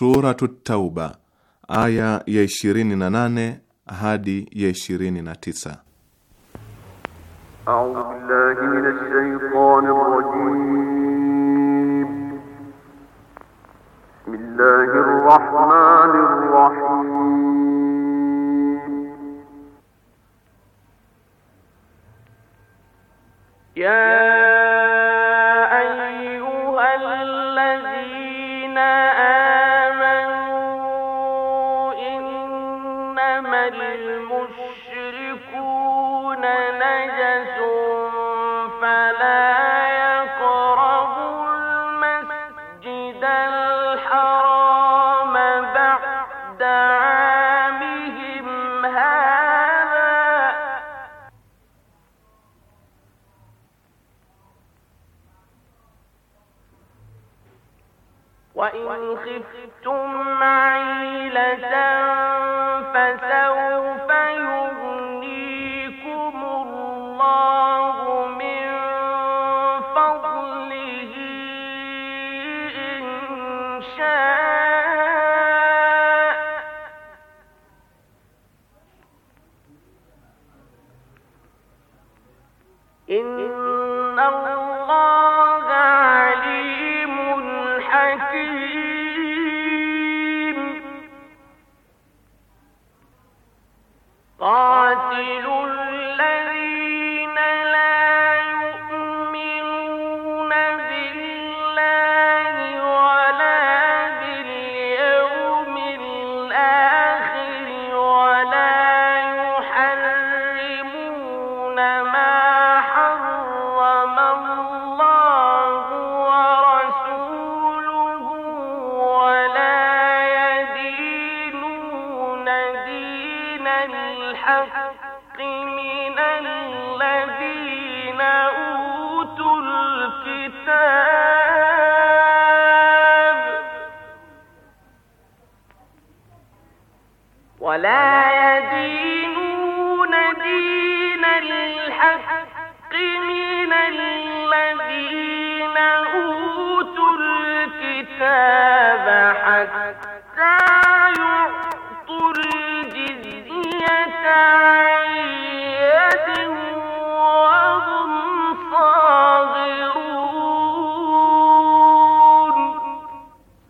Suratu Tauba aya ya 28 hadi ya 29. A'udhu billahi minash shaitanir rajim. Bismillahir rahmanir rahim. Ya وإن خفتم عيلة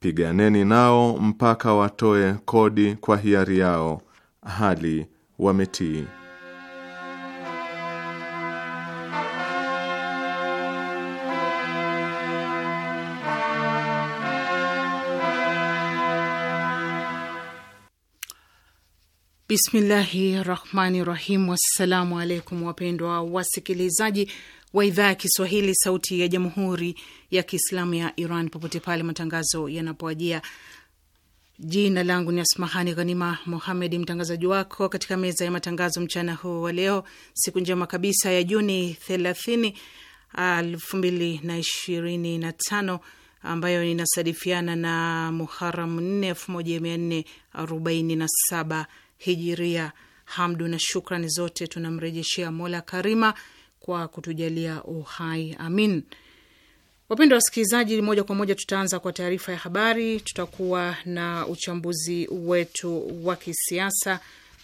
Piganeni nao mpaka watoe kodi kwa hiari yao hali wametii. Bismillahi rahmani rahim. Wassalamu alaikum, wapendwa wasikilizaji wa idhaa ya Kiswahili, Sauti ya Jamhuri ya Kiislamu ya Iran, popote pale matangazo yanapoajia. Jina langu ni Asmahani Ghanima Mohamed, mtangazaji wako katika meza ya matangazo mchana huu wa leo, siku njema kabisa ya Juni 30, 2025 ambayo inasadifiana na Muharam 4 1447 Hijiria. Hamdu na shukrani zote tunamrejeshea Mola Karima kwa kutujalia uhai, amin. Wapendwa wasikilizaji, moja kwa moja tutaanza kwa taarifa ya habari. Tutakuwa na uchambuzi wetu wa kisiasa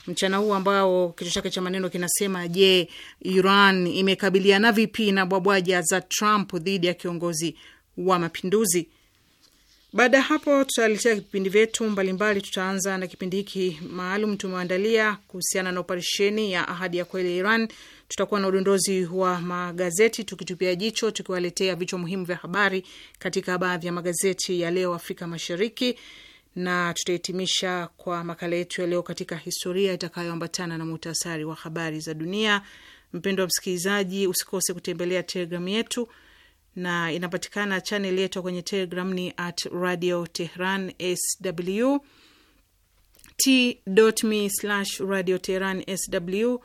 mchana huu ambao kichwa chake cha maneno kinasema: Je, Iran imekabiliana vipi na bwabwaja za Trump dhidi ya kiongozi wa mapinduzi? Baada ya hapo, tutaletea vipindi vyetu mbalimbali. Tutaanza na kipindi hiki maalum tumeandalia kuhusiana na operesheni ya ahadi ya kweli ya Iran Tutakuwa na udondozi wa magazeti tukitupia jicho, tukiwaletea vichwa muhimu vya habari katika baadhi ya magazeti ya leo Afrika Mashariki, na tutahitimisha kwa makala yetu ya leo katika historia itakayoambatana na muhtasari wa habari za dunia. mpendo wa msikilizaji, usikose kutembelea telegramu yetu na inapatikana chaneli yetu kwenye Telegram ni at Radio Tehran sw t.me slash Radio Tehran sw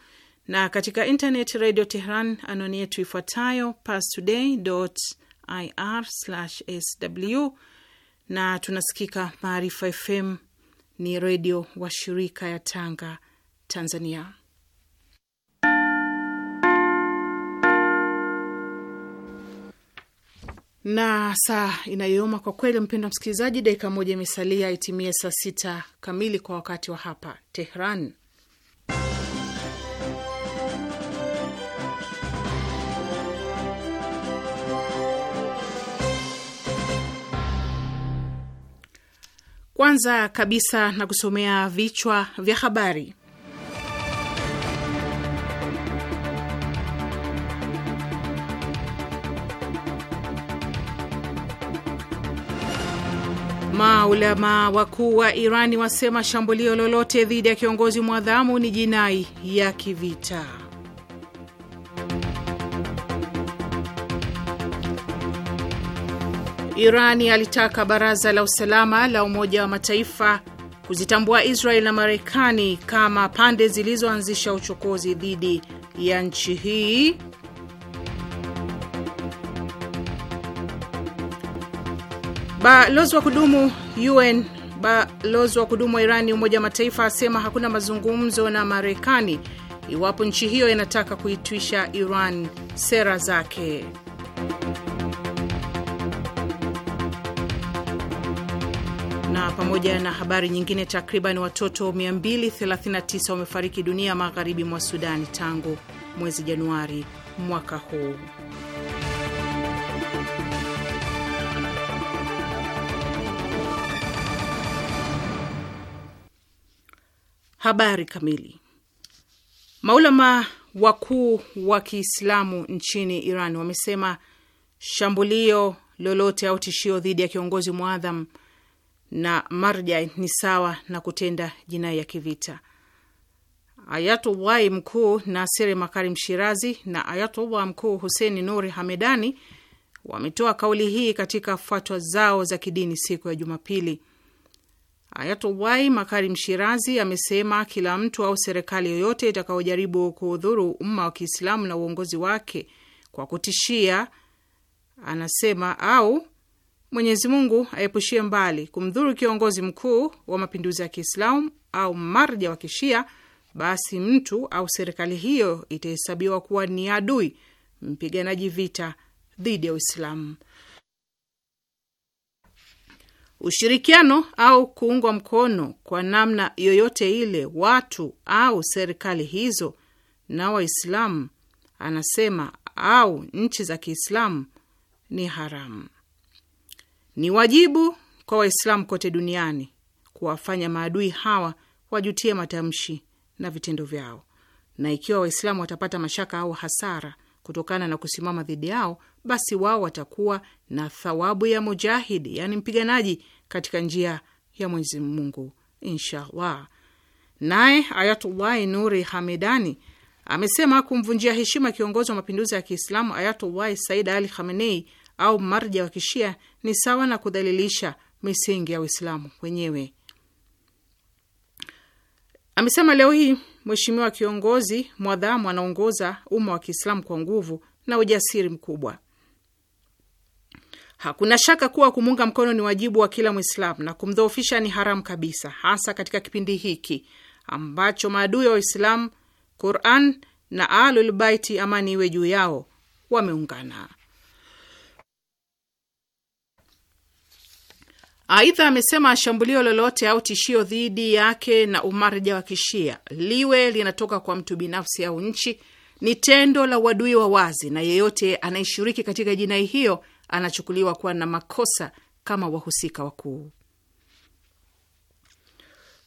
na katika intnet Radio Tehran, anwani yetu ifuatayo pastoday.ir/sw, na tunasikika Maarifa FM ni redio wa shirika ya Tanga, Tanzania. Na saa inayooma kwa kweli, mpendwa msikilizaji, dakika moja imesalia itimie saa sita kamili kwa wakati wa hapa Tehran Kwanza kabisa na kusomea vichwa vya habari. Maulama wakuu wa Irani wasema shambulio lolote dhidi ya kiongozi mwadhamu ni jinai ya kivita. Irani alitaka baraza la usalama la Umoja wa Mataifa kuzitambua Israel na Marekani kama pande zilizoanzisha uchokozi dhidi ya nchi hii. Balozi wa kudumu UN balozi wa kudumu wa Irani Umoja wa Mataifa asema hakuna mazungumzo na Marekani iwapo nchi hiyo inataka kuitwisha Iran sera zake. na pamoja na habari nyingine, takriban watoto 239 wamefariki dunia magharibi mwa Sudani tangu mwezi Januari mwaka huu. Habari kamili. Maulama wakuu wa Kiislamu nchini Iran wamesema shambulio lolote au tishio dhidi ya kiongozi mwadham na marja ni sawa na kutenda jinai ya kivita. Ayatullahi mkuu Nasiri Makarim Shirazi na Ayatullah mkuu Huseni Nuri Hamedani wametoa kauli hii katika fatwa zao za kidini siku ya Jumapili. Ayatullahi Makarim Shirazi amesema kila mtu au serikali yoyote itakayojaribu kuudhuru umma wa Kiislamu na uongozi wake kwa kutishia, anasema au Mwenyezi Mungu aepushie mbali kumdhuru kiongozi mkuu wa mapinduzi ya Kiislamu au marja wa Kishia, basi mtu au serikali hiyo itahesabiwa kuwa ni adui mpiganaji vita dhidi ya Uislamu. Ushirikiano au kuungwa mkono kwa namna yoyote ile watu au serikali hizo na Waislamu, anasema au nchi za Kiislamu ni haramu. Ni wajibu kwa Waislamu kote duniani kuwafanya maadui hawa wajutie matamshi na vitendo vyao, na ikiwa Waislamu watapata mashaka au hasara kutokana na kusimama dhidi yao, basi wao watakuwa na thawabu ya mujahidi, yaani mpiganaji katika njia ya Mwenyezi Mungu, inshallah. Naye Ayatullahi Nuri Hamedani amesema kumvunjia heshima kiongozi wa mapinduzi ya Kiislamu Ayatullahi Said Ali Khamenei au marja wa kishia ni sawa na kudhalilisha misingi ya Uislamu wenyewe, amesema. Leo hii mheshimiwa kiongozi mwadhamu anaongoza umma wa Kiislamu kwa nguvu na ujasiri mkubwa. Hakuna shaka kuwa kumuunga mkono ni wajibu wa kila Mwislamu na kumdhoofisha ni haramu kabisa, hasa katika kipindi hiki ambacho maadui ya Waislamu, Quran na alulbaiti Baiti, amani iwe juu yao, wameungana. Aidha amesema shambulio lolote au tishio dhidi yake na umarja wa kishia liwe linatoka kwa mtu binafsi au nchi ni tendo la uadui wa wazi, na yeyote anayeshiriki katika jinai hiyo anachukuliwa kuwa na makosa kama wahusika wakuu.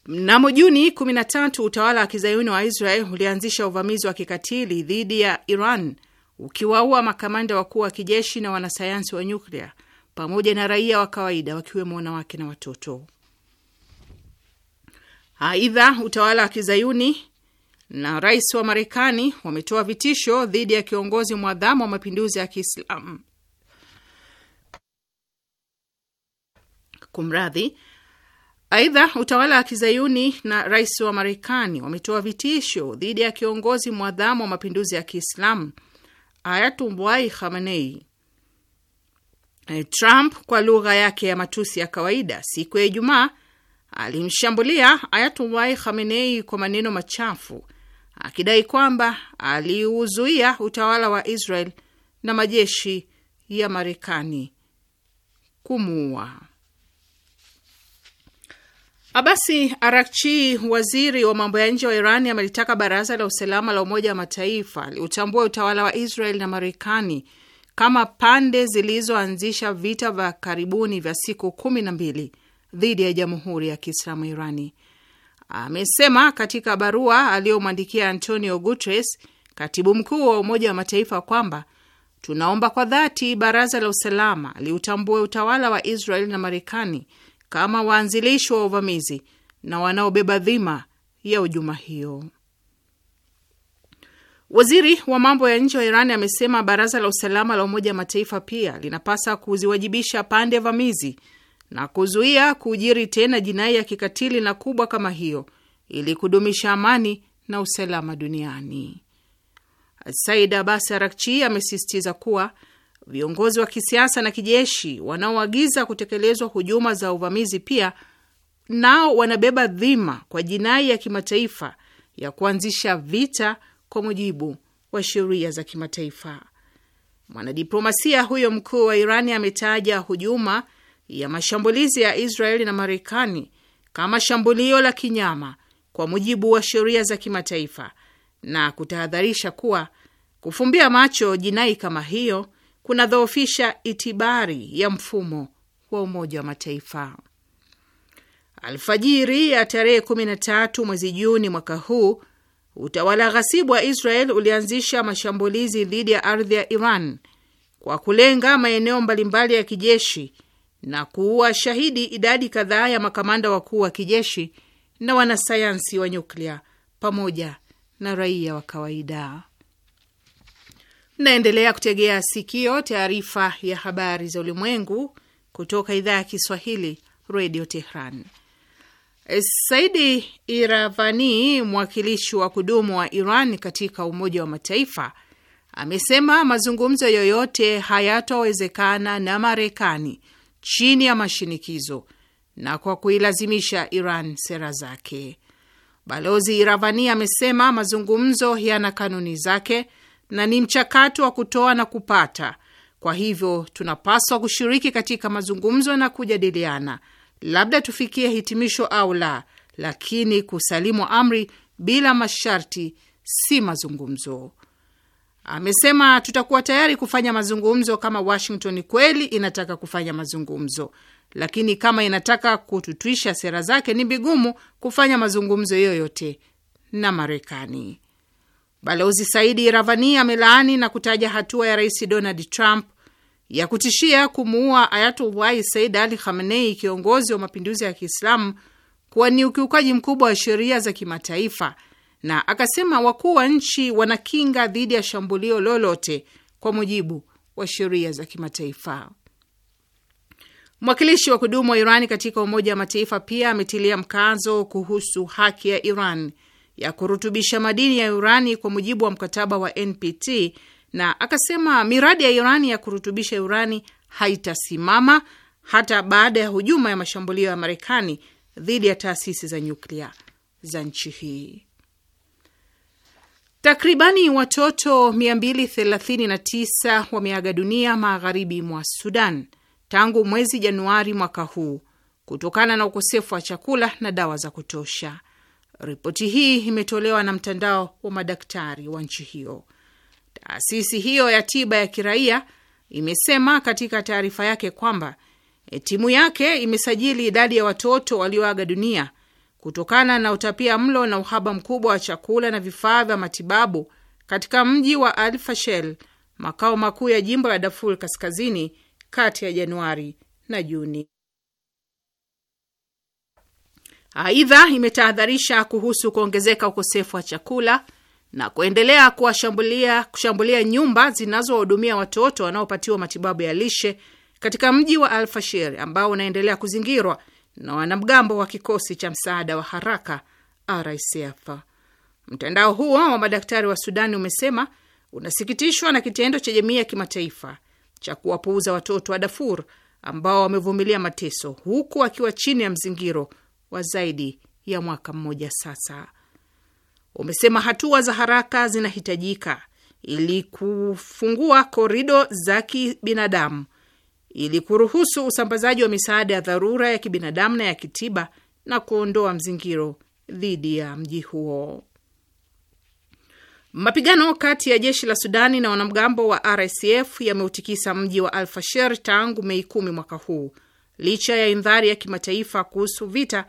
Mnamo Juni 13 utawala wa kizayuni wa Israel ulianzisha uvamizi wa kikatili dhidi ya Iran ukiwaua makamanda wakuu wa kijeshi na wanasayansi wa nyuklia pamoja na raia wa kawaida wakiwemo wanawake na watoto. Aidha, utawala wa kizayuni na rais wa Marekani wametoa vitisho dhidi ya kiongozi mwadhamu wa mapinduzi ya Kiislamu, kumradhi. Aidha, utawala wa kizayuni na rais wa Marekani wametoa vitisho dhidi ya kiongozi mwadhamu wa mapinduzi ya Kiislamu Ayatullah Khamenei Eh, Trump kwa lugha yake ya matusi ya kawaida, siku ya Ijumaa alimshambulia ayatullahi Khamenei kwa maneno machafu akidai kwamba aliuzuia utawala wa Israel na majeshi ya Marekani kumuua. Abasi Arakchi, waziri wa mambo ya nje wa Irani, amelitaka baraza la usalama la Umoja wa Mataifa aliutambua utawala wa Israel na Marekani kama pande zilizoanzisha vita vya karibuni vya siku kumi na mbili dhidi ya Jamhuri ya Kiislamu Irani. Amesema katika barua aliyomwandikia Antonio Guterres, katibu mkuu wa Umoja wa Mataifa, kwamba tunaomba kwa dhati Baraza la Usalama liutambue utawala wa Israel na Marekani kama waanzilishi wa uvamizi na wanaobeba dhima ya hujuma hiyo. Waziri wa mambo ya nje wa Iran amesema baraza la usalama la Umoja wa Mataifa pia linapasa kuziwajibisha pande vamizi na kuzuia kujiri tena jinai ya kikatili na kubwa kama hiyo ili kudumisha amani na usalama duniani. Said Abbas Arakchi amesisitiza kuwa viongozi wa kisiasa na kijeshi wanaoagiza kutekelezwa hujuma za uvamizi pia nao wanabeba dhima kwa jinai ya kimataifa ya kuanzisha vita kwa mujibu wa sheria za kimataifa. Mwanadiplomasia huyo mkuu wa Irani ametaja hujuma ya mashambulizi ya Israeli na Marekani kama shambulio la kinyama kwa mujibu wa sheria za kimataifa na kutahadharisha kuwa kufumbia macho jinai kama hiyo kunadhoofisha itibari ya mfumo wa Umoja wa Mataifa. Alfajiri ya tarehe 13 mwezi Juni mwaka huu Utawala ghasibu wa Israel ulianzisha mashambulizi dhidi ya ardhi ya Iran kwa kulenga maeneo mbalimbali ya kijeshi na kuua shahidi idadi kadhaa ya makamanda wakuu wa kijeshi na wanasayansi wa nyuklia pamoja na raia wa kawaida. Naendelea kutegea sikio taarifa ya habari za ulimwengu kutoka idhaa ya Kiswahili, Redio Tehran. Saidi Iravani, mwakilishi wa kudumu wa Iran katika Umoja wa Mataifa, amesema mazungumzo yoyote hayatowezekana na Marekani chini ya mashinikizo na kwa kuilazimisha Iran sera zake. Balozi Iravani amesema mazungumzo yana kanuni zake na ni mchakato wa kutoa na kupata, kwa hivyo tunapaswa kushiriki katika mazungumzo na kujadiliana labda tufikie hitimisho au la, lakini kusalimu amri bila masharti si mazungumzo. Amesema tutakuwa tayari kufanya mazungumzo kama Washington kweli inataka kufanya mazungumzo, lakini kama inataka kututwisha sera zake ni vigumu kufanya mazungumzo yoyote na Marekani. Balozi Saidi ravani amelaani na kutaja hatua ya Rais Donald Trump ya kutishia kumuua ayatullahi Said Ali Khamenei, kiongozi wa mapinduzi ya Kiislamu, kuwa ni ukiukaji mkubwa wa sheria za kimataifa, na akasema wakuu wa nchi wana kinga dhidi ya shambulio lolote kwa mujibu wa sheria za kimataifa. Mwakilishi wa kudumu wa Irani katika Umoja wa Mataifa pia ametilia mkazo kuhusu haki ya Iran ya kurutubisha madini ya urani kwa mujibu wa mkataba wa NPT na akasema miradi ya Irani ya kurutubisha urani haitasimama hata baada ya hujuma ya mashambulio ya Marekani dhidi ya taasisi za nyuklia za nchi hii. Takribani watoto 239 wameaga dunia magharibi mwa Sudan tangu mwezi Januari mwaka huu kutokana na ukosefu wa chakula na dawa za kutosha. Ripoti hii imetolewa na mtandao wa madaktari wa nchi hiyo. Taasisi hiyo ya tiba ya kiraia imesema katika taarifa yake kwamba eh, timu yake imesajili idadi ya watoto walioaga dunia kutokana na utapia mlo na uhaba mkubwa wa chakula na vifaa vya matibabu katika mji wa Al Fashel, makao makuu ya jimbo la Darfur Kaskazini, kati ya Januari na Juni. Aidha, imetahadharisha kuhusu kuongezeka ukosefu wa chakula na kuendelea kuwashambulia kushambulia nyumba zinazowahudumia watoto wanaopatiwa matibabu ya lishe katika mji wa Alfashir ambao unaendelea kuzingirwa na wanamgambo wa kikosi cha msaada wa haraka RSF. Mtandao huo wa madaktari wa Sudani umesema unasikitishwa na kitendo cha jamii ya kimataifa cha kuwapuuza watoto wa Darfur ambao wamevumilia mateso huku wakiwa chini ya mzingiro wa zaidi ya mwaka mmoja sasa umesema hatua za haraka zinahitajika ili kufungua korido za kibinadamu ili kuruhusu usambazaji wa misaada ya dharura ya kibinadamu na ya kitiba na kuondoa mzingiro dhidi ya mji huo. Mapigano kati ya jeshi la Sudani na wanamgambo wa RSF yameutikisa mji wa Alfasher tangu Mei kumi mwaka huu licha ya indhari ya kimataifa kuhusu vita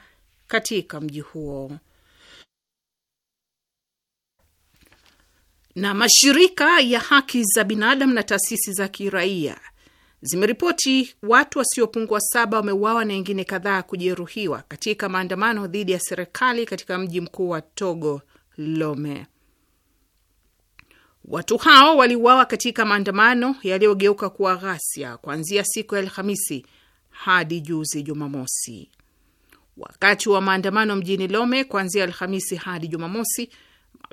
katika mji huo. na mashirika ya haki za binadamu na taasisi za kiraia zimeripoti watu wasiopungua saba wameuawa na wengine kadhaa kujeruhiwa katika maandamano dhidi ya serikali katika mji mkuu wa Togo, Lome. Watu hao waliuawa katika maandamano yaliyogeuka kuwa ghasia kuanzia siku ya Alhamisi hadi juzi Jumamosi. Wakati wa maandamano mjini Lome kuanzia Alhamisi hadi Jumamosi,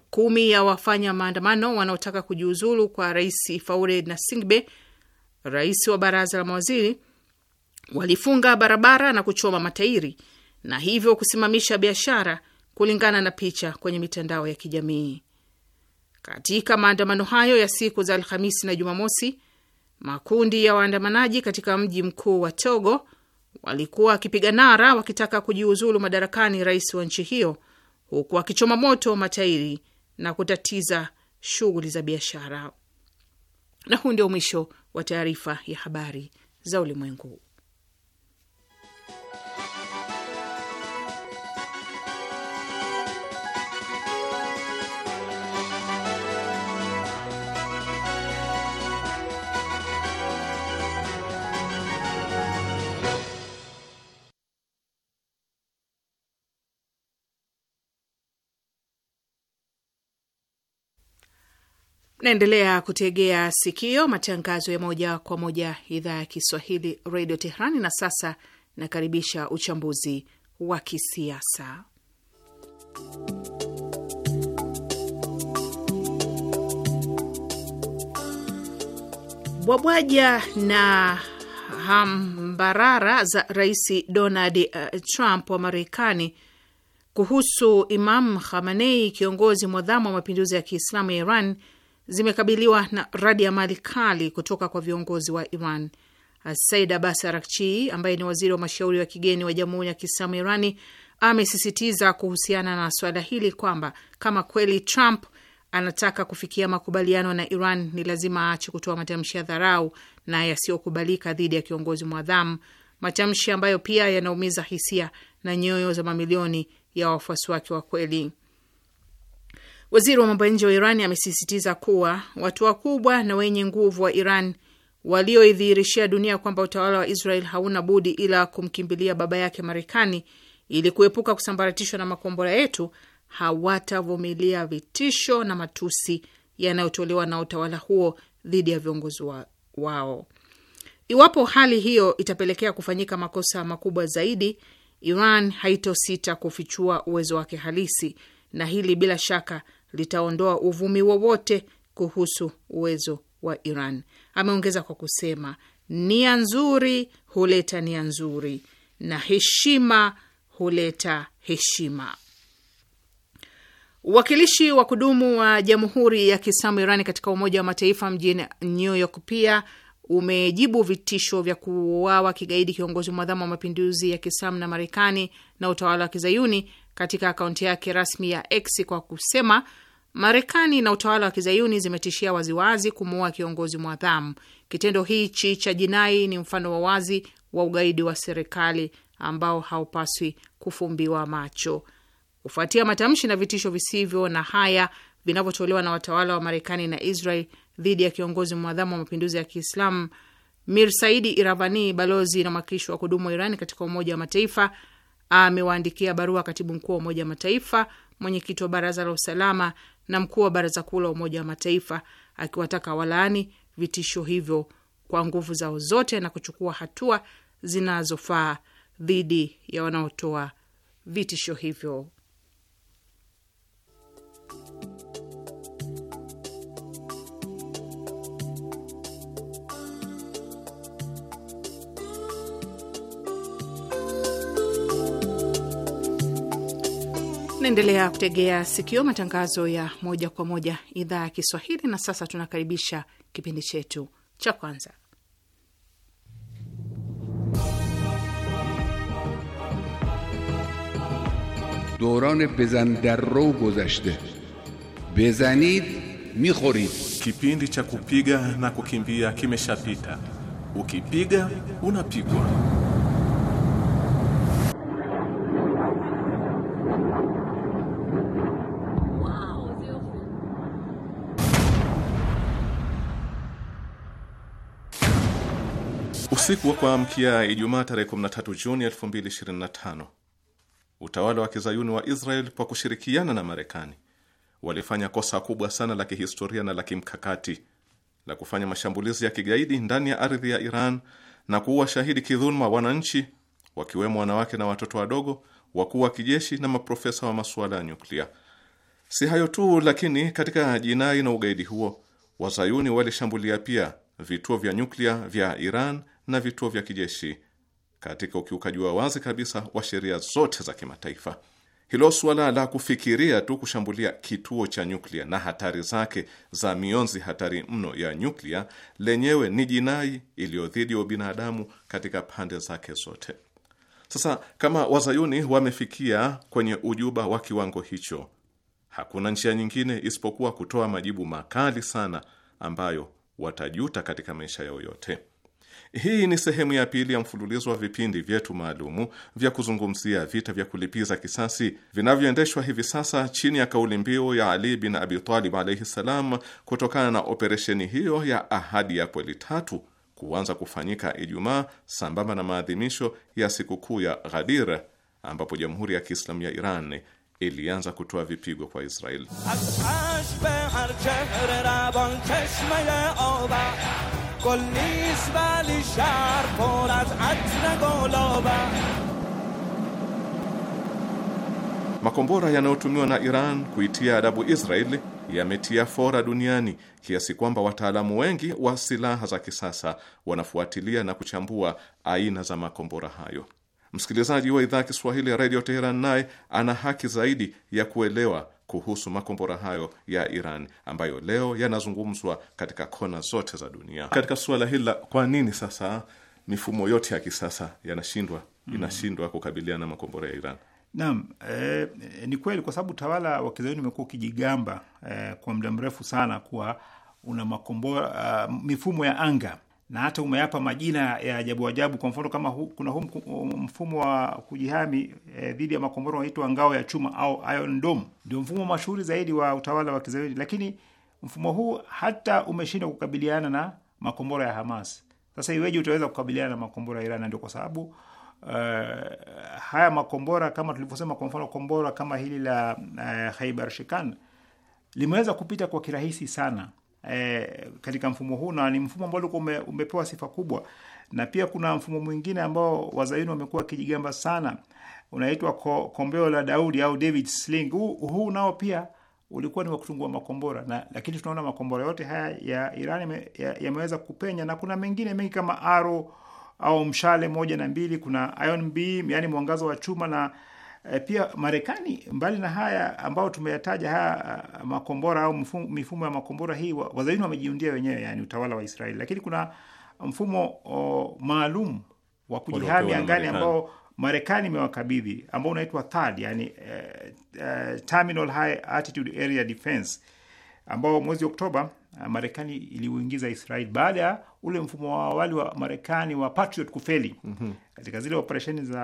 kumi ya wafanya maandamano wanaotaka kujiuzulu kwa rais Faure Singbe, rais wa baraza la mawaziri, walifunga barabara na kuchoma matairi na hivyo kusimamisha biashara, kulingana na picha kwenye mitandao ya kijamii. Katika maandamano hayo ya siku za Alhamisi na Jumamosi, makundi ya waandamanaji katika mji mkuu wa Togo walikuwa wakipiga nara wakitaka kujiuzulu madarakani rais wa nchi hiyo huku akichoma moto matairi na kutatiza shughuli za biashara. Na huu ndio mwisho wa taarifa ya habari za ulimwengu. Naendelea kutegea sikio matangazo ya moja kwa moja idhaa ya Kiswahili redio Teherani. Na sasa nakaribisha uchambuzi wa kisiasa Bwabwaja na hambarara za Rais Donald uh, Trump wa Marekani kuhusu Imam Khamenei, kiongozi mwadhamu wa mapinduzi ya Kiislamu ya Iran zimekabiliwa na radi ya mali kali kutoka kwa viongozi wa Iran. Said Abbas Arakchi, ambaye ni waziri wa mashauri wa kigeni wa Jamhuri ya Kiislamu Irani, amesisitiza kuhusiana na swala hili kwamba kama kweli Trump anataka kufikia makubaliano na Iran ni lazima aache kutoa matamshi ya dharau na yasiyokubalika dhidi ya kiongozi mwadhamu, matamshi ambayo pia yanaumiza hisia na nyoyo za mamilioni ya wafuasi wake wa kweli. Waziri wa mambo ya nje wa Iran amesisitiza kuwa watu wakubwa na wenye nguvu wa Iran walioidhihirishia dunia kwamba utawala wa Israel hauna budi ila kumkimbilia baba yake Marekani ili kuepuka kusambaratishwa na makombora yetu hawatavumilia vitisho na matusi yanayotolewa na utawala huo dhidi ya viongozi wa, wao. Iwapo hali hiyo itapelekea kufanyika makosa makubwa zaidi, Iran haitosita kufichua uwezo wake halisi, na hili bila shaka litaondoa uvumi wowote kuhusu uwezo wa Iran. Ameongeza kwa kusema nia nzuri huleta nia nzuri na heshima huleta heshima. Uwakilishi wa kudumu wa Jamhuri ya Kiislamu Irani katika Umoja wa Mataifa mjini New York pia umejibu vitisho vya kuuawa kigaidi kiongozi mwadhamu wa mapinduzi ya Kiislamu na Marekani na utawala wa Kizayuni katika akaunti yake rasmi ya X kwa kusema Marekani na utawala wa kizayuni zimetishia waziwazi kumuua kiongozi mwadhamu. Kitendo hichi cha jinai ni mfano wa wazi wa ugaidi wa serikali ambao haupaswi kufumbiwa macho. Kufuatia matamshi na vitisho visivyo na haya vinavyotolewa na watawala wa Marekani na Israel dhidi ya kiongozi mwadhamu wa mapinduzi ya Kiislamu, Mir Saidi Iravani, balozi na mwakilishi wa kudumu wa Iran katika Umoja wa Mataifa, amewaandikia barua katibu mkuu wa Umoja wa Mataifa, mwenyekiti wa Baraza la Usalama na mkuu wa Baraza Kuu la Umoja wa Mataifa akiwataka walaani vitisho hivyo kwa nguvu zao zote na kuchukua hatua zinazofaa dhidi ya wanaotoa vitisho hivyo. Naendelea kutegea sikio matangazo ya moja kwa moja idhaa ya Kiswahili. Na sasa tunakaribisha kipindi chetu cha kwanza, dorane bezan darro gozashte bezanid mikhorid, kipindi cha kupiga na kukimbia kimeshapita, ukipiga unapigwa. Usiku wa kuamkia Ijumaa tarehe 13 Juni 2025 utawala wa kizayuni wa Israel kwa kushirikiana na Marekani walifanya kosa kubwa sana la kihistoria na la kimkakati la kufanya mashambulizi ya kigaidi ndani ya ardhi ya Iran na kuua shahidi kidhuluma wananchi wakiwemo wanawake na watoto wadogo, wakuu wa kijeshi na maprofesa wa masuala ya nyuklia. Si hayo tu, lakini katika jinai na ugaidi huo wazayuni walishambulia pia vituo vya nyuklia vya Iran na vituo vya kijeshi katika ukiukaji wa wazi kabisa wa sheria zote za kimataifa. Hilo suala la kufikiria tu kushambulia kituo cha nyuklia na hatari zake za mionzi hatari mno ya nyuklia lenyewe ni jinai iliyo dhidi ya ubinadamu katika pande zake zote. Sasa kama wazayuni wamefikia kwenye ujuba wa kiwango hicho, hakuna njia nyingine isipokuwa kutoa majibu makali sana ambayo watajuta katika maisha yao yote. Hii ni sehemu ya pili ya mfululizo wa vipindi vyetu maalumu vya kuzungumzia vita vya kulipiza kisasi vinavyoendeshwa hivi sasa chini ya kauli mbiu ya Ali bin Abi Talib alaihi ssalam, kutokana na operesheni hiyo ya Ahadi ya Kweli tatu kuanza kufanyika Ijumaa sambamba na maadhimisho ya sikukuu ya Ghadir ambapo Jamhuri ya Kiislamu ya Iran ilianza kutoa vipigo kwa Israeli. گل نیست ولی شهر پر از عطر گلابه Makombora yanayotumiwa na Iran kuitia adabu Israeli yametia fora duniani kiasi kwamba wataalamu wengi wa silaha za kisasa wanafuatilia na kuchambua aina za makombora hayo. Msikilizaji wa idhaa ya Kiswahili ya redio Teheran naye ana haki zaidi ya kuelewa kuhusu makombora hayo ya Iran ambayo leo yanazungumzwa katika kona zote za dunia. Katika suala hili la kwa nini sasa mifumo yote ya kisasa yanashindwa mm-hmm. inashindwa kukabiliana na makombora ya Iran. Naam, e, ni kweli kwa sababu utawala wa kizayuni umekuwa ukijigamba e, kwa muda mrefu sana kuwa una makombora uh, mifumo ya anga na hata umeyapa majina ya ajabu ajabu. Kwa mfano kama hu, kuna hu um, mfumo wa kujihami eh, dhidi e, ya makombora unaitwa ngao ya chuma au Iron Dome, ndio mfumo mashuhuri zaidi wa utawala wa Kizayuni, lakini mfumo huu hata umeshindwa kukabiliana na makombora ya Hamas. Sasa iweje utaweza kukabiliana na makombora ya Iran? Ndio kwa sababu Uh, haya makombora kama tulivyosema, kwa mfano kombora kama hili la uh, eh, Khaibar Shikan limeweza kupita kwa kirahisi sana eh, katika mfumo huu na ni mfumo ambao ulikuwa ume, umepewa sifa kubwa. Na pia kuna mfumo mwingine ambao wazayuni wamekuwa wakijigamba sana, unaitwa ko, kombeo la Daudi au David Sling. Huu nao pia ulikuwa ni wa kutungua makombora na, lakini tunaona makombora yote haya ya Iran yameweza ya kupenya, na kuna mengine mengi kama aro au mshale moja na mbili, kuna ion beam, yani mwangazo wa chuma na Eh, pia Marekani, mbali na haya ambao tumeyataja haya ah, makombora au mifumo ya makombora hii, wazayuni wamejiundia wenyewe, yani utawala wa Israeli, lakini kuna mfumo maalum wa kujihami angani ambao Marekani imewakabidhi ambao unaitwa THAD, yani uh, uh, Terminal High Altitude Area Defense ambao mwezi Oktoba Ah, Marekani iliuingiza Israel baada ya ule mfumo wa awali wa Marekani wa Patriot kufeli mm -hmm. Katika zile operesheni za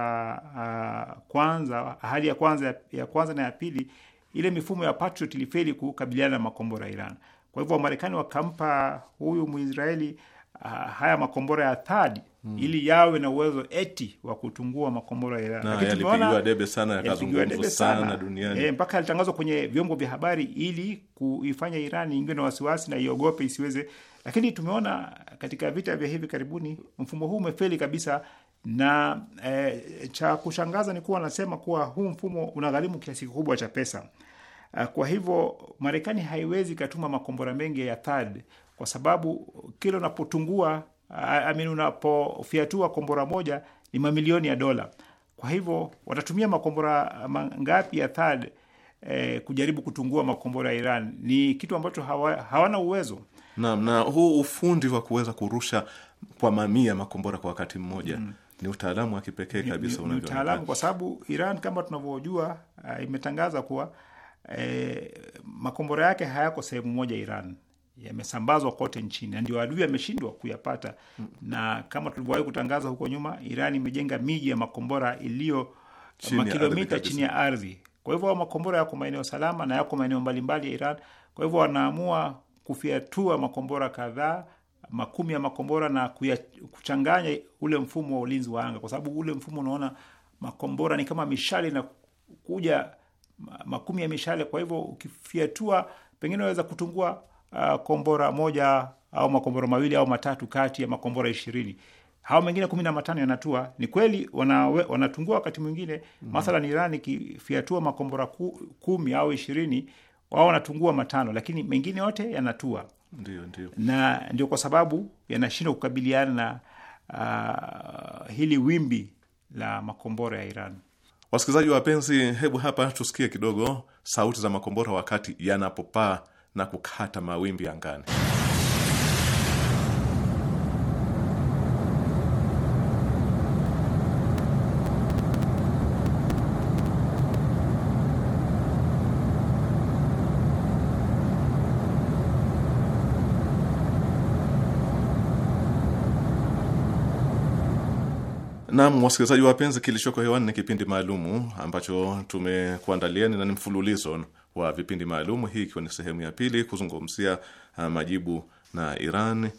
uh, kwanza ahadi ya kwanza ya kwanza na ya pili, ile mifumo ya Patriot ilifeli kukabiliana na makombora ya Iran. Kwa hivyo Wamarekani wakampa huyu Mwisraeli uh, ah, haya makombora ya thadi mm. ili yawe na uwezo eti wa kutungua makombora ya Iran. Yalipigiwa debe sana, yakazungumzwa sana duniani e, mpaka yalitangazwa kwenye vyombo vya habari ili kuifanya Iran ingiwe na wasiwasi na iogope isiweze. Lakini tumeona katika vita vya hivi karibuni mfumo huu umefeli kabisa na e, cha kushangaza ni kuwa anasema kuwa huu mfumo unagharimu kiasi kikubwa cha pesa. Ah, kwa hivyo Marekani haiwezi ikatuma makombora mengi ya THAAD kwa sababu kila unapotungua amini, unapofiatua kombora moja ni mamilioni ya dola. Kwa hivyo watatumia makombora uh, mangapi ya THAD eh, kujaribu kutungua makombora ya Iran ni kitu ambacho hawa, hawana uwezo na, na huu ufundi wa kuweza kurusha kwa mamia makombora kwa wakati mmoja mm. Ni utaalamu wa kipekee kabisa ni, ni utaalamu kwa sababu Iran kama tunavyojua uh, imetangaza kuwa uh, makombora yake hayako sehemu moja Iran yamesambazwa kote nchini na ndio adui ameshindwa kuyapata. Mm. Na kama tulivyowahi kutangaza huko nyuma, Iran imejenga miji ya makombora iliyo makilomita chini ya ardhi. Kwa hivyo makombora yako maeneo salama na yako maeneo mbalimbali ya Iran. Kwa hivyo wanaamua kufiatua makombora kadhaa, makumi ya makombora na kuya, kuchanganya ule mfumo wa ulinzi wa anga, kwa sababu ule mfumo unaona makombora ni kama mishale na kuja makumi ya mishale. Kwa hivyo ukifiatua, pengine unaweza kutungua uh, kombora moja au makombora mawili au matatu kati ya makombora ishirini hao mengine kumi na matano yanatua. Ni kweli wanawe, wanatungua wakati mwingine mm. Mathalan Iran ikifiatua makombora ku, kumi au ishirini wao wanatungua matano, lakini mengine yote yanatua. Ndiyo, ndiyo. Na ndio kwa sababu yanashindwa kukabiliana na uh, hili wimbi la makombora ya Iran. Wasikilizaji wapenzi, hebu hapa tusikie kidogo sauti za makombora wakati yanapopaa na kukata mawimbi angani. Nam, wasikilizaji wapenzi, kilichoko hewani ni kipindi maalumu ambacho tumekuandaliani na ni mfululizo wa vipindi maalum, hii ikiwa ni sehemu ya pili kuzungumzia uh, majibu na Iran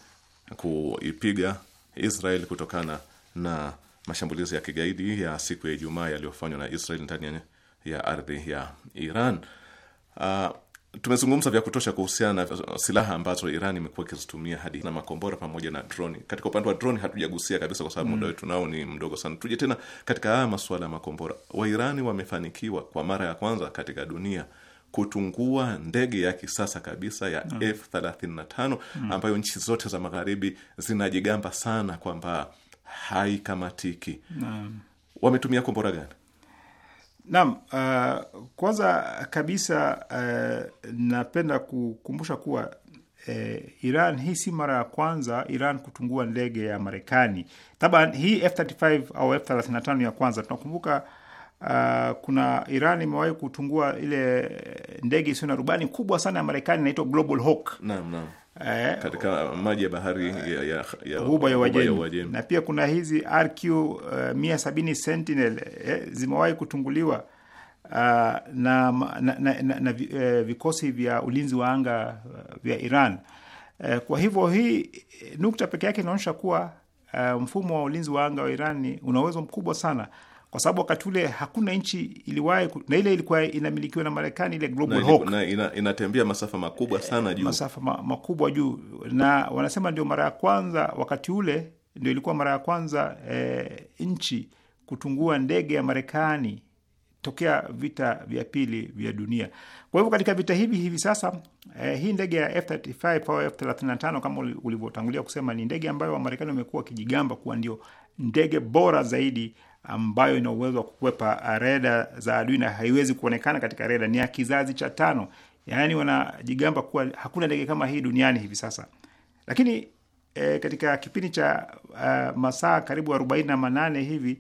kuipiga Israel kutokana na mashambulizi ya kigaidi ya siku ya Ijumaa yaliyofanywa na Israel ndani ya ardhi ya Iran. Uh, tumezungumza vya kutosha kuhusiana na silaha ambazo Iran imekuwa ikizitumia hadi na makombora pamoja na droni. Katika upande wa droni hatujagusia kabisa kwa sababu mm, muda wetu nao ni mdogo sana. Tuje tena katika haya masuala ya makombora. Wairani wamefanikiwa kwa mara ya kwanza katika dunia kutungua ndege ya kisasa kabisa ya mm. F35 mm. ambayo nchi zote za magharibi zinajigamba sana kwamba haikamatiki. mm. Wametumia kombora gani? Naam, uh, kwanza kabisa uh, napenda kukumbusha kuwa uh, Iran hii si mara ya kwanza Iran kutungua ndege ya Marekani. Taban hii F35 au F35 ya kwanza tunakumbuka Uh, kuna Iran imewahi kutungua ile ndege isiyo na rubani kubwa sana ya Marekani inaitwa Global Hawk. Naam, naam. Eh, katika maji ya bahari uh, ya, ya, ya, Ghuba ya Uajemi. Na pia kuna hizi RQ uh, 170 Sentinel eh, zimewahi kutunguliwa uh, na, na, na, na, na uh, eh, vikosi vya ulinzi wa anga uh, vya Iran. Uh, kwa hivyo hii nukta peke yake inaonyesha kuwa uh, mfumo wa ulinzi wa anga wa Iran ni una uwezo mkubwa sana kwa sababu wakati ule hakuna nchi iliwahi, na ile ilikuwa inamilikiwa na Marekani, ile Global Hawk na ina, inatembea masafa makubwa eh, sana juu, masafa ma, makubwa juu, na wanasema ndio mara ya kwanza wakati ule ndio ilikuwa mara ya kwanza e, nchi kutungua ndege ya Marekani tokea vita vya pili vya dunia. Kwa hivyo katika vita hivi hivi sasa e, hii ndege ya F35 au F35 kama ulivyotangulia kusema ni ndege ambayo Wamarekani wamekuwa wakijigamba kuwa ndio ndege bora zaidi ambayo ina uwezo wa kukwepa ah, reda za adui na haiwezi kuonekana katika reda ni ya kizazi cha tano. Yaani wanajigamba kuwa hakuna ndege kama hii duniani hivi sasa, lakini e, katika kipindi cha uh, masaa karibu arobaini na manane hivi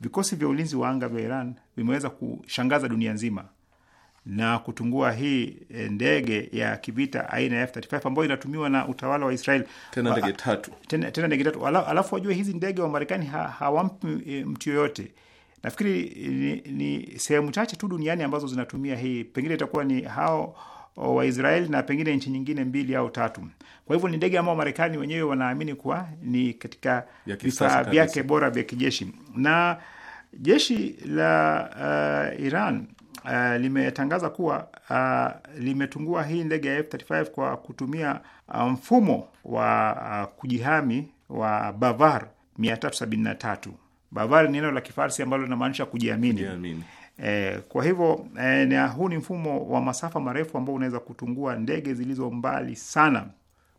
vikosi vya ulinzi wa anga vya Iran vimeweza kushangaza dunia nzima na kutungua hii eh, ndege ya kivita aina ya F35 ambayo inatumiwa na utawala wa Israel, tena ndege tatu, tena, tena ndege tatu. Ala, alafu wajue hizi ndege wa Marekani ha, hawampi eh, mtu yoyote. Nafikiri eh, ni, ni sehemu chache tu duniani ambazo zinatumia hii, pengine itakuwa ni hao oh, Waisrael na pengine nchi nyingine mbili au tatu. Kwa hivyo ni ndege ambao Marekani wenyewe wanaamini kuwa ni katika vifaa vyake bora vya kijeshi na jeshi la uh, Iran uh, limetangaza kuwa uh, limetungua hii ndege ya F35 kwa kutumia eh, mfumo wa uh, kujihami wa Bavar 373. Bavar ni neno la Kifarsi ambalo linamaanisha kujiamini, kujiamini. Eh, kwa hivyo eh, na huu ni mfumo wa masafa marefu ambao unaweza kutungua ndege zilizo mbali sana.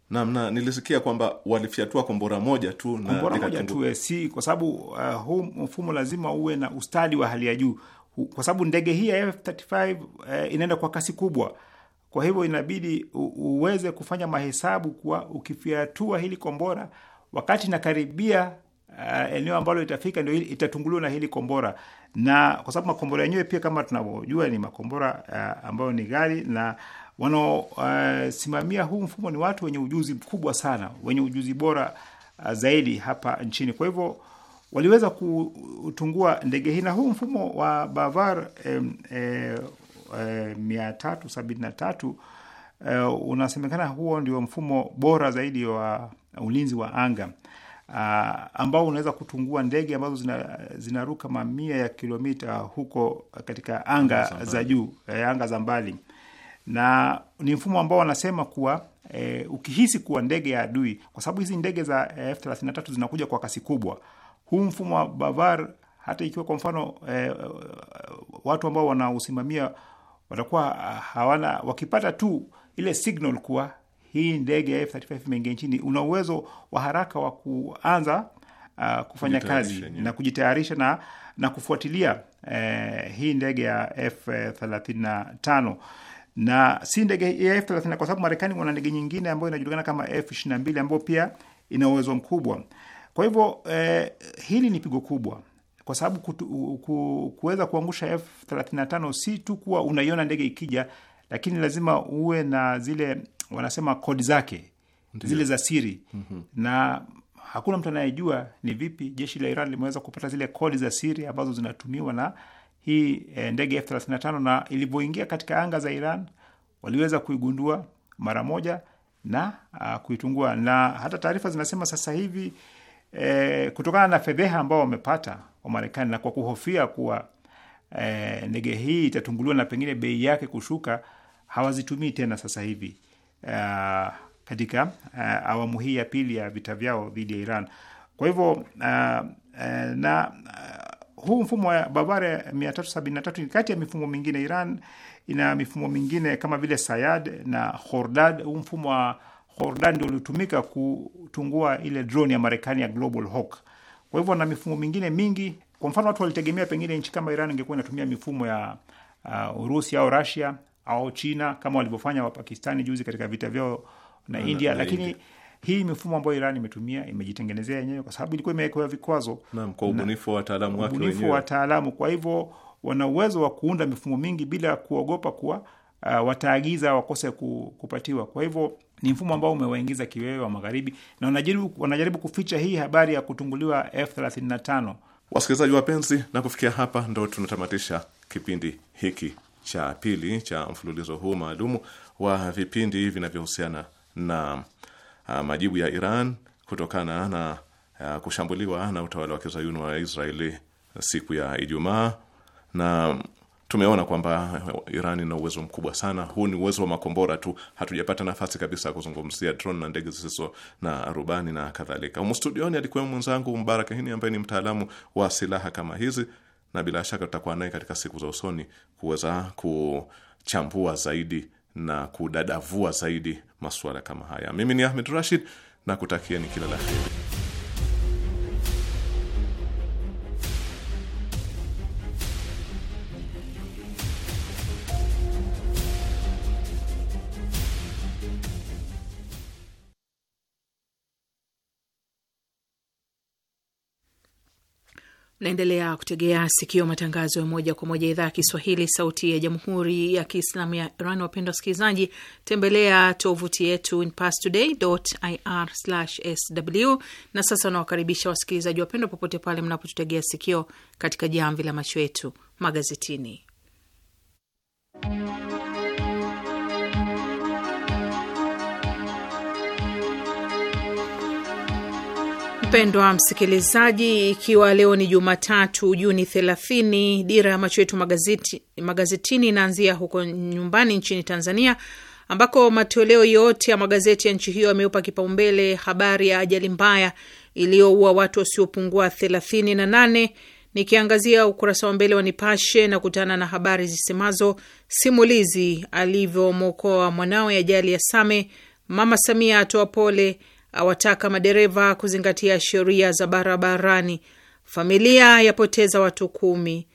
Naam, na nilisikia kwamba walifyatua kombora moja tu na kombora moja tu, si kwa sababu uh, huu mfumo lazima uwe na ustadi wa hali ya juu kwa sababu ndege hii ya F35 eh, inaenda kwa kasi kubwa. Kwa hivyo inabidi uweze kufanya mahesabu kuwa ukifiatua hili kombora wakati inakaribia uh, eneo ambalo itafika ndio itatunguliwa na hili kombora, na kwa sababu makombora yenyewe pia kama tunavyojua ni makombora uh, ambayo ni ghali na wanaosimamia eh, uh, huu mfumo ni watu wenye ujuzi mkubwa sana, wenye ujuzi bora uh, zaidi hapa nchini. Kwa hivyo waliweza kutungua ndege hii, na huu mfumo wa Bavar eh, eh, eh, mia tatu sabini na tatu eh, unasemekana huo ndio mfumo bora zaidi wa ulinzi wa anga ah, ambao unaweza kutungua ndege ambazo zina, mamia ya kilomita huko katika anga Zambali, za juu eh, anga za mbali na ni mfumo ambao wanasema kuwa eh, ukihisi kuwa ndege ya adui, kwa sababu hizi ndege za F33 zinakuja kwa kasi kubwa huu mfumo wa Bavar, hata ikiwa kwa mfano eh, eh watu ambao wanausimamia watakuwa ah, hawana, wakipata tu ile signal kuwa hii ndege ya F35 imeingia nchini, una uwezo wa haraka wa kuanza uh, kufanya kazi yeah, na kujitayarisha na, na kufuatilia eh, hii ndege ya F35 na si ndege ya F35 kwa sababu Marekani wana ndege nyingine ambayo inajulikana kama F22 ambayo pia ina uwezo mkubwa kwa hivyo eh, hili ni pigo kubwa kwa sababu ku, kuweza kuangusha F35 si tu kuwa unaiona ndege ikija, lakini lazima uwe na zile wanasema kodi zake Ndiyo. zile za siri mm -hmm. na hakuna mtu anayejua ni vipi jeshi la Iran limeweza kupata zile kodi za siri ambazo zinatumiwa na hii e, ndege F35, na ilivyoingia katika anga za Iran waliweza kuigundua mara moja na a, ah, kuitungua, na hata taarifa zinasema sasa hivi e, kutokana na fedheha ambao wamepata wa Marekani na kwa kuhofia kuwa e, ndege hii itatunguliwa na pengine bei yake kushuka, hawazitumii tena sasa hivi e, katika e, awamu hii ya pili ya vita vyao dhidi ya Iran. Kwa hivyo e, na huu mfumo wa Bavaria 373 ni kati ya mifumo mingine. Iran ina mifumo mingine kama vile Sayad na Khordad. Huu mfumo wa Jordan ndio ulitumika kutungua ile drone ya Marekani ya Global Hawk. Kwa hivyo na mifumo mingine mingi. Kwa mfano, watu walitegemea pengine nchi kama Iran ingekuwa inatumia mifumo ya uh, Urusi au Russia au China kama walivyofanya Wapakistani juzi katika vita vyao na India na lakini na India. Hii mifumo ambayo Iran imetumia imejitengenezea yenyewe kwa sababu ilikuwa imewekewa vikwazo na kwa ubunifu wa wataalamu wake wenyewe, ubunifu wa wataalamu. Kwa hivyo wana uwezo wa kuunda mifumo mingi bila kuogopa kuwa uh, wataagiza wakose kupatiwa. Kwa hivyo ni mfumo ambao umewaingiza kiwewe wa magharibi na wanajaribu, wanajaribu kuficha hii habari ya kutunguliwa F35. Wasikilizaji wapenzi, na kufikia hapa ndo tunatamatisha kipindi hiki cha pili cha mfululizo huu maalumu wa vipindi vinavyohusiana na uh, majibu ya Iran kutokana na uh, kushambuliwa na utawala wa kizayuni wa Israeli siku ya Ijumaa na Tumeona kwamba Iran ina uwezo mkubwa sana. Huu ni uwezo wa makombora tu, hatujapata nafasi kabisa ya kuzungumzia drone na ndege zisizo na rubani na kadhalika. Humu studioni alikuwa mwenzangu Mbaraka Hini ambaye ni mtaalamu wa silaha kama hizi, na bila shaka tutakuwa naye katika siku za usoni kuweza kuchambua zaidi na kudadavua zaidi masuala kama haya. Mimi ni Ahmed Rashid na kutakieni kila la heri. Naendelea kutegea sikio matangazo ya moja kwa moja idhaa ya Kiswahili, sauti ya jamhuri ya kiislamu ya Iran. Wapendwa wasikilizaji, tembelea tovuti yetu parstoday.ir/sw. Na sasa nawakaribisha wasikilizaji wapendwa, popote pale mnapotutegea sikio, katika jamvi la macho yetu magazetini Mpendwa msikilizaji, ikiwa leo ni Jumatatu Juni 30, dira ya macho yetu magazeti, magazetini inaanzia huko nyumbani nchini Tanzania ambako matoleo yote ya magazeti ya nchi hiyo yameupa kipaumbele habari ya ajali mbaya iliyoua watu wasiopungua 38. Nikiangazia ukurasa wa mbele wa Nipashe na kutana na habari zisemazo simulizi alivyomwokoa mwanawe ajali ya Same, Mama Samia atoa pole awataka madereva kuzingatia sheria za barabarani. Familia yapoteza watu kumi.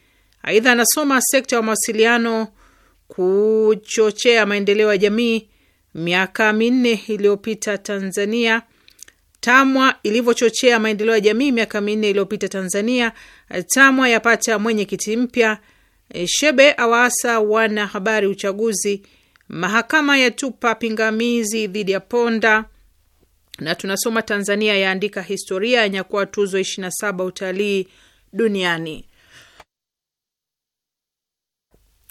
Aidha, anasoma sekta ya mawasiliano kuchochea maendeleo ya jamii. Miaka minne iliyopita Tanzania TAMWA ilivyochochea maendeleo ya jamii miaka minne iliyopita Tanzania. TAMWA yapata mwenyekiti mpya. Shebe awaasa wana habari uchaguzi. Mahakama yatupa pingamizi dhidi ya Ponda na tunasoma Tanzania yaandika historia ya nyakua tuzo 27 utalii duniani.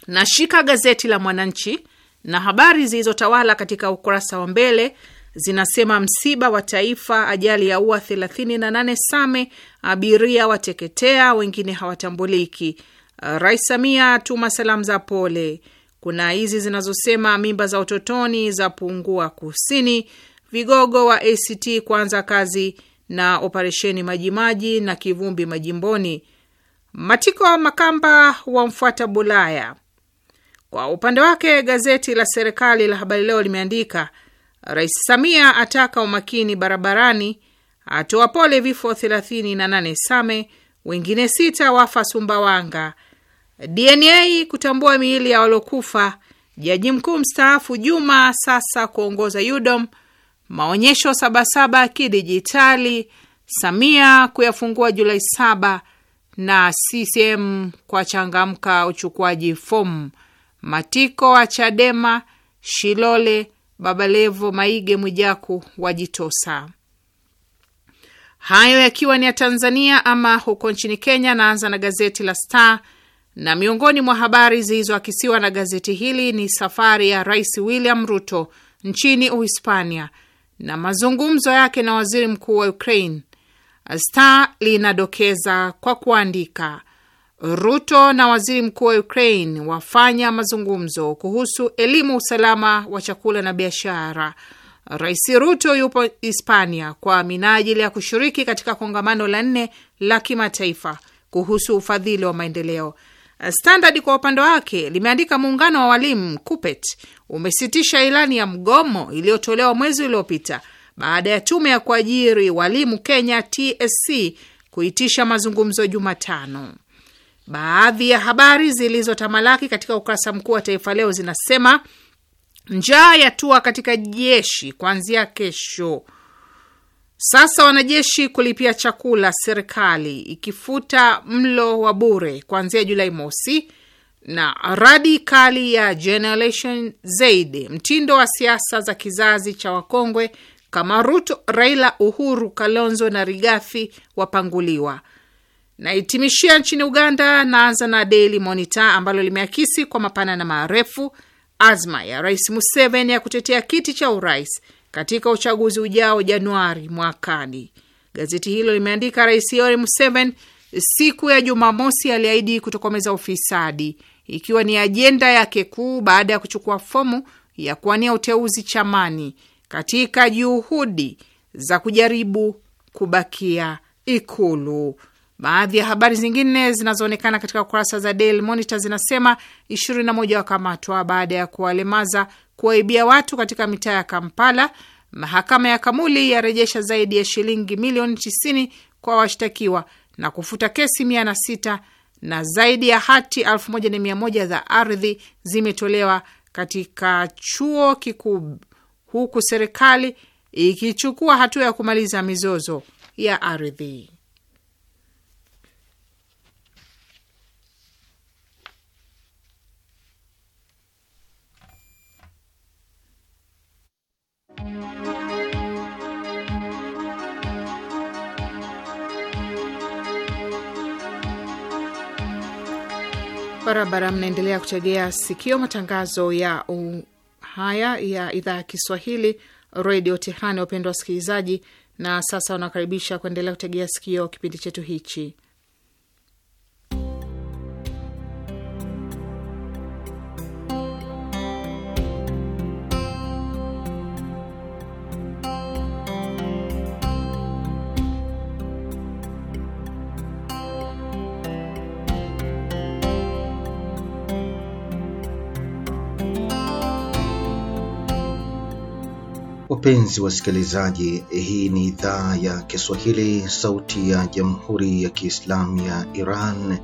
Nashika gazeti la Mwananchi na habari zilizotawala katika ukurasa wa mbele zinasema: msiba wa taifa, ajali ya ua 38 Same, abiria wateketea, wengine hawatambuliki. Rais Samia atuma salamu za pole. Kuna hizi zinazosema mimba za utotoni za pungua kusini, vigogo wa ACT kuanza kazi na operesheni Majimaji na Kivumbi majimboni. Matiko wa Makamba wamfuata Bulaya. Kwa upande wake gazeti la serikali la Habari Leo limeandika Rais Samia ataka umakini barabarani, atoa pole vifo 38 Same, wengine sita wafa Sumbawanga. DNA kutambua miili ya waliokufa. Jaji mkuu mstaafu Juma sasa kuongoza Yudom maonyesho Sabasaba kidijitali, Samia kuyafungua Julai saba na CCM kwa changamka uchukuaji fomu, Matiko wa Chadema, Shilole, Babalevo, Maige, Mwijaku wajitosa. Hayo yakiwa ni ya Tanzania. Ama huko nchini Kenya, naanza na gazeti la Star na miongoni mwa habari zilizoakisiwa na gazeti hili ni safari ya Rais William Ruto nchini Uhispania na mazungumzo yake na waziri mkuu wa Ukraine, Star linadokeza kwa kuandika, Ruto na waziri mkuu wa Ukraine wafanya mazungumzo kuhusu elimu, usalama wa chakula na biashara. Rais Ruto yupo Hispania kwa minajili ya kushiriki katika kongamano la nne la kimataifa kuhusu ufadhili wa maendeleo Eh, Standard kwa upande wake limeandika muungano wa walimu KUPET umesitisha ilani ya mgomo iliyotolewa mwezi uliopita baada ya tume ya kuajiri walimu Kenya TSC kuitisha mazungumzo Jumatano. Baadhi ya habari zilizotamalaki katika ukurasa mkuu wa Taifa Leo zinasema njaa yatua katika jeshi kuanzia kesho. Sasa wanajeshi kulipia chakula, serikali ikifuta mlo wa bure kuanzia Julai mosi, na radi kali ya Generation Z, mtindo wa siasa za kizazi cha wakongwe kama Ruto, Raila, Uhuru, Kalonzo na Rigathi wapanguliwa. nahitimishia nchini Uganda. Naanza na Daily Monitor ambalo limeakisi kwa mapana na marefu azma ya Rais Museveni ya kutetea kiti cha urais katika uchaguzi ujao Januari mwakani. Gazeti hilo limeandika, Rais Yoweri Museveni siku ya Jumamosi aliahidi kutokomeza ufisadi ikiwa ni ajenda yake kuu baada ya kuchukua fomu ya kuwania uteuzi chamani katika juhudi za kujaribu kubakia Ikulu. Baadhi ya habari zingine zinazoonekana katika kurasa za Daily Monitor zinasema 21 wakamatwa baada ya kuwalemaza kuwaibia watu katika mitaa ya Kampala, mahakama ya Kamuli yarejesha zaidi ya shilingi milioni 90 kwa washtakiwa na kufuta kesi 106 na zaidi ya hati 1100 za ardhi zimetolewa katika chuo kikuu, huku serikali ikichukua hatua ya kumaliza mizozo ya ardhi. Barabara, mnaendelea kutegea sikio matangazo ya haya ya idhaa ya Kiswahili redio Tehrani, wapendwa wasikilizaji. Na sasa wanakaribisha kuendelea kutegea sikio kipindi chetu hichi. Wapenzi wasikilizaji, hii ni idhaa ya Kiswahili sauti ya Jamhuri ya Kiislamu ya Iran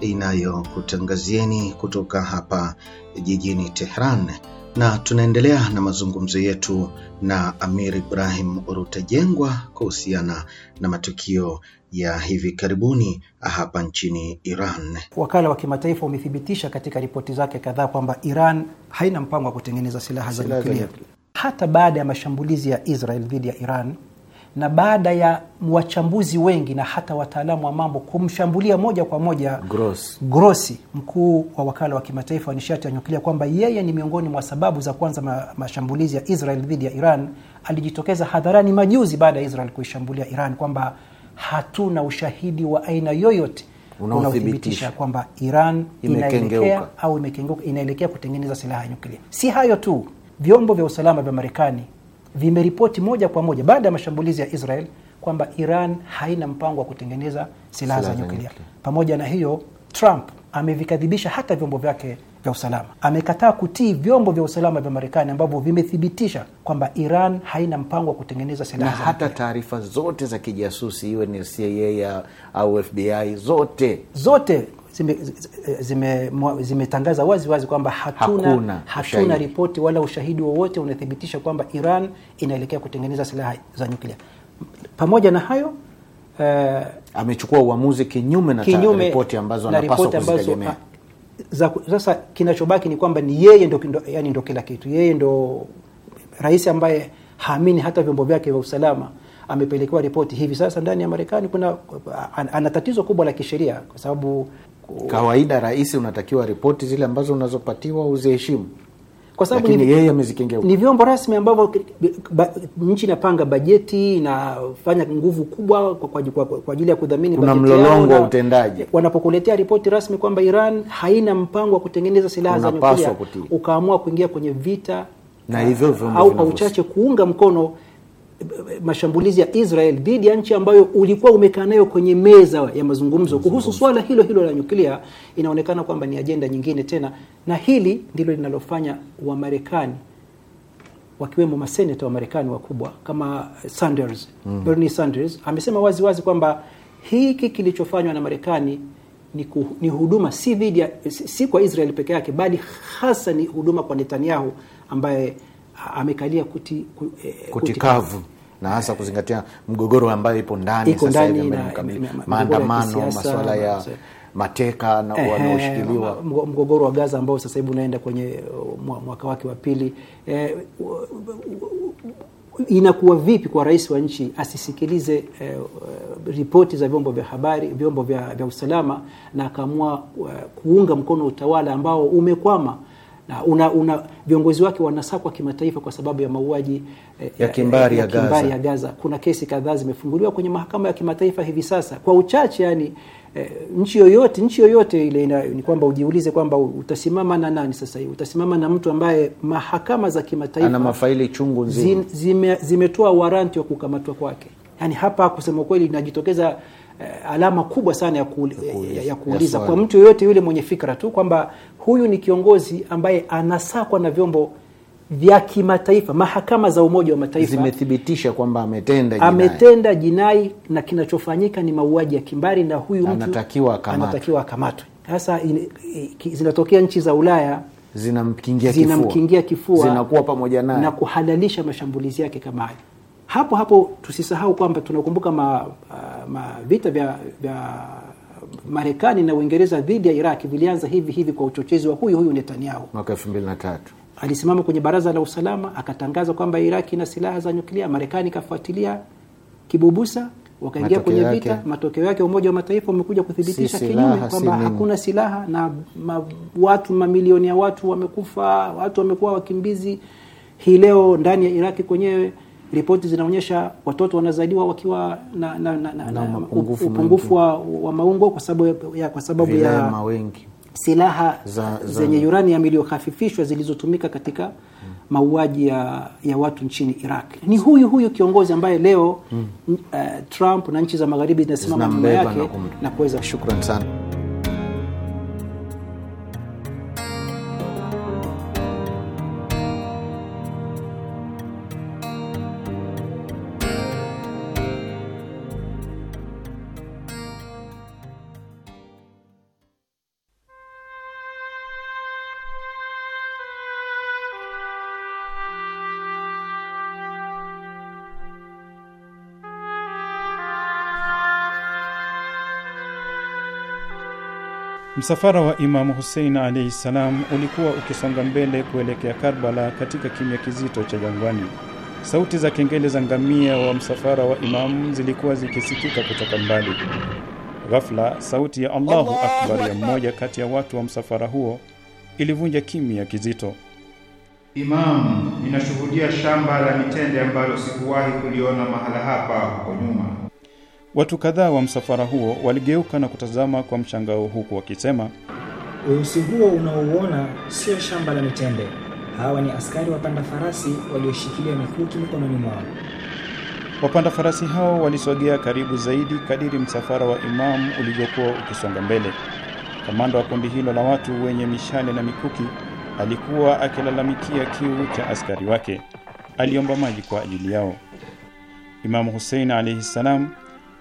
inayokutangazieni kutoka hapa jijini Tehran, na tunaendelea na mazungumzo yetu na Amir Ibrahim Rutajengwa kuhusiana na matukio ya hivi karibuni hapa nchini Iran. Wakala wa kimataifa umethibitisha katika ripoti zake kadhaa kwamba Iran haina mpango wa kutengeneza silaha za nyuklia hata baada ya mashambulizi ya Israel dhidi ya Iran na baada ya wachambuzi wengi na hata wataalamu wa mambo kumshambulia moja kwa moja Gross, Grossi, mkuu wa wakala wa kimataifa wa nishati ya nyuklia, kwamba yeye ni miongoni mwa sababu za kwanza mashambulizi ya Israel dhidi ya Iran, alijitokeza hadharani majuzi baada ya Israel kuishambulia Iran kwamba hatuna ushahidi wa aina yoyote unaothibitisha kwamba Iran inaelekea au imekengeuka, inaelekea kutengeneza silaha ya nyuklia. Si hayo tu vyombo vya usalama vya Marekani vimeripoti moja kwa moja baada ya mashambulizi ya Israel kwamba Iran haina mpango wa kutengeneza silaha za nyuklia. Pamoja na hiyo, Trump amevikadhibisha hata vyombo vyake vya usalama, amekataa kutii vyombo vya usalama vya Marekani ambavyo vimethibitisha kwamba Iran haina mpango wa kutengeneza silaha na hata taarifa zote za kijasusi, iwe ni CIA au FBI, zote zote zimetangaza zime, zime, waziwazi kwamba hatuna, Hakuna, hatuna ripoti wala ushahidi wowote unathibitisha kwamba Iran inaelekea kutengeneza silaha za nyuklia. Pamoja na hayo uh, amechukua uamuzi kinyume na kinyume, ripoti ambazo anapaswa kuzitegemea. Ah, sasa kinachobaki ni kwamba ni yeye ndo, ndo, yani ndo kila kitu. Yeye ndo rais ambaye haamini hata vyombo vyake vya usalama amepelekewa ripoti hivi sasa ndani ya Marekani. Kuna ah, ana tatizo kubwa la kisheria, kwa sababu Kawaida rais unatakiwa ripoti zile ambazo unazopatiwa uziheshimu, kwa sababu ni, yeye amezikengea Ni vyombo rasmi ambavyo nchi inapanga bajeti, inafanya nguvu kubwa kwa ajili kwa, kwa, ya kudhamini bajeti. Kuna mlolongo wa utendaji. Wanapokuletea ripoti rasmi kwamba Iran haina mpango wa kutengeneza silaha za nyuklia, ukaamua kuingia kwenye vita na hivyo au kwa uchache kuunga mkono mashambulizi ya Israel dhidi ya nchi ambayo ulikuwa umekaa nayo kwenye meza ya mazungumzo kuhusu swala hilo hilo la nyuklia, inaonekana kwamba ni ajenda nyingine tena, na hili ndilo linalofanya Wamarekani wakiwemo maseneta wa Marekani wakubwa kama Sanders, mm. Bernie Sanders amesema wazi wazi kwamba hiki kilichofanywa na Marekani ni, ku, ni huduma si, vidia, si, si kwa Israel peke yake bali hasa ni huduma kwa Netanyahu ambaye amekalia kuti, eh, eh, kuti, kuti kavu na hasa kuzingatia mgogoro ambayo ipo ndani sasa hivi, maandamano, masuala ya mateka na wanaoshikiliwa, mgogoro wa Gaza ambao sasa hivi unaenda kwenye uh, mwaka wake wa pili. Eh, inakuwa vipi kwa rais wa nchi asisikilize eh, uh, ripoti za vyombo vya habari, vyombo vya, vya usalama na akaamua uh, kuunga mkono utawala ambao umekwama na una, una viongozi wake wanasakwa kimataifa kwa sababu ya mauaji eh, ya kimbari, ya, ya, ya, Gaza. ya Gaza. Kuna kesi kadhaa zimefunguliwa kwenye mahakama ya kimataifa hivi sasa kwa uchache yani eh, nchi yoyote nchi yoyote ile ina, ni kwamba ujiulize kwamba utasimama na nani sasa hivi? Utasimama na mtu ambaye mahakama za kimataifa ana mafaili chungu nzima zimetoa zime waranti wa kukamatwa kwake. Yani hapa kusema kweli inajitokeza Eh, alama kubwa sana ya, ya, ya kuuliza kwa mtu yoyote yule mwenye fikra tu kwamba huyu ni kiongozi ambaye anasakwa na vyombo vya kimataifa, mahakama za Umoja wa Mataifa zimethibitisha kwamba ametenda jinai, ametenda jinai na kinachofanyika ni mauaji ya kimbari, na huyu mtu anatakiwa akamatwe. Sasa zinatokea nchi za Ulaya zinamkingia, zinamkingia kifua, zinakuwa pamoja naye na kuhalalisha mashambulizi yake kama haya. Hapo hapo tusisahau kwamba tunakumbuka ma, uh, ma vita vya, vya Marekani na Uingereza dhidi ya Iraq vilianza hivi hivi kwa uchochezi wa huyu huyu Netanyahu mwaka 2003 alisimama kwenye baraza la usalama akatangaza kwamba Iraki ina silaha za nyuklia. Marekani ikafuatilia kibubusa, wakaingia kwenye vita Matokeo yake Umoja wa Mataifa umekuja kuthibitisha si kinyume kwamba si hakuna silaha na ma, watu mamilioni ya watu wamekufa, watu wamekuwa wakimbizi hii leo ndani ya Iraki kwenyewe ripoti zinaonyesha watoto wanazaliwa wakiwa na, na, na, na, na upungufu, upungufu wa, wa maungo kwa sababu ya, kwa sababu ya silaha za, za zenye uranium iliyohafifishwa zilizotumika katika hmm. mauaji ya, ya watu nchini Iraq. Ni huyu huyu kiongozi ambaye leo hmm. uh, Trump na nchi za magharibi zinasimama nyuma yake na, na kuweza. shukrani sana. Msafara wa Imamu Husein alaihi ssalam ulikuwa ukisonga mbele kuelekea Karbala katika kimya kizito cha jangwani. Sauti za kengele za ngamia wa msafara wa Imamu zilikuwa zikisikika kutoka mbali. Ghafla, sauti ya Allahu akbar ya mmoja kati ya watu wa msafara huo ilivunja kimya kizito. Imamu, ninashuhudia shamba la mitende ambalo sikuwahi kuliona mahala hapa huko nyuma. Watu kadhaa wa msafara huo waligeuka na kutazama kwa mshangao, huku wakisema, weusi huo unaouona sio shamba la mitende. Hawa ni askari wapanda farasi walioshikilia mikuki mikononi mwao. Wapanda farasi hao walisogea karibu zaidi kadiri msafara wa Imamu ulivyokuwa ukisonga mbele. Kamanda wa kundi hilo la watu wenye mishale na mikuki alikuwa akilalamikia kiu cha askari wake. Aliomba maji kwa ajili yao. Imamu Hussein alayhi salam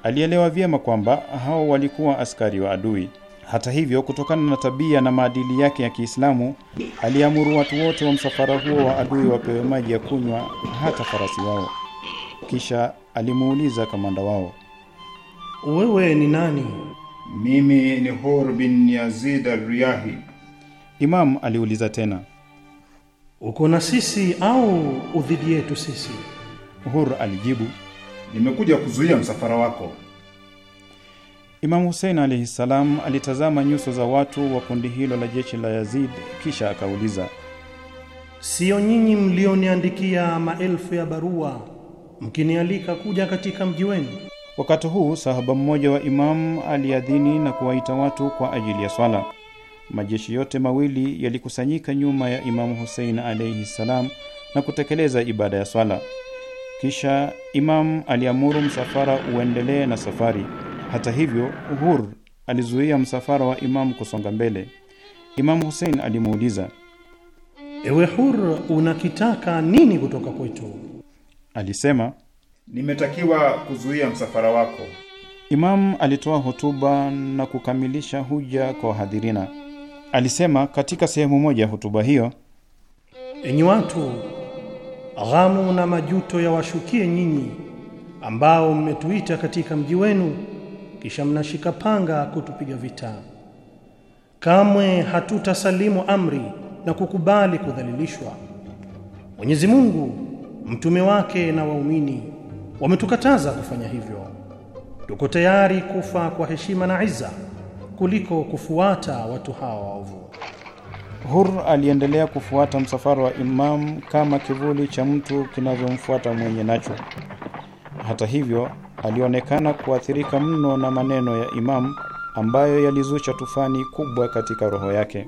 Alielewa vyema kwamba hao walikuwa askari wa adui. Hata hivyo, kutokana na tabia na maadili yake ya Kiislamu, aliamuru watu wote wa msafara huo wa adui wapewe maji ya kunywa, hata farasi wao. Kisha alimuuliza kamanda wao, wewe ni nani? Mimi ni Hur bin Yazid Arriyahi. Imamu aliuliza tena, uko na sisi au udhidi yetu sisi? Hur alijibu nimekuja kuzuia msafara wako. Imamu Husein alaihi ssalam alitazama nyuso za watu wa kundi hilo la jeshi la Yazid, kisha akauliza, siyo nyinyi mlioniandikia maelfu ya barua mkinialika kuja katika mji wenu? Wakati huu sahaba mmoja wa imamu aliadhini na kuwaita watu kwa ajili ya swala. Majeshi yote mawili yalikusanyika nyuma ya Imamu Husein alaihi ssalam na kutekeleza ibada ya swala. Kisha Imam aliamuru msafara uendelee na safari. Hata hivyo, Hur alizuia msafara wa Imam kusonga mbele. Imam husein alimuuliza, ewe Hur, unakitaka nini kutoka kwetu? Alisema, nimetakiwa kuzuia msafara wako. Imam alitoa hotuba na kukamilisha huja kwa wahadhirina. Alisema katika sehemu moja ya hotuba hiyo, enyi watu ghamu na majuto yawashukie nyinyi ambao mmetuita katika mji wenu, kisha mnashika panga kutupiga vita. Kamwe hatutasalimu amri na kukubali kudhalilishwa. Mwenyezi Mungu, mtume wake na waumini wametukataza kufanya hivyo. Tuko tayari kufa kwa heshima na iza kuliko kufuata watu hawa waovu. Hur aliendelea kufuata msafara wa Imam kama kivuli cha mtu kinavyomfuata mwenye nacho. Hata hivyo, alionekana kuathirika mno na maneno ya Imam ambayo yalizusha tufani kubwa katika roho yake.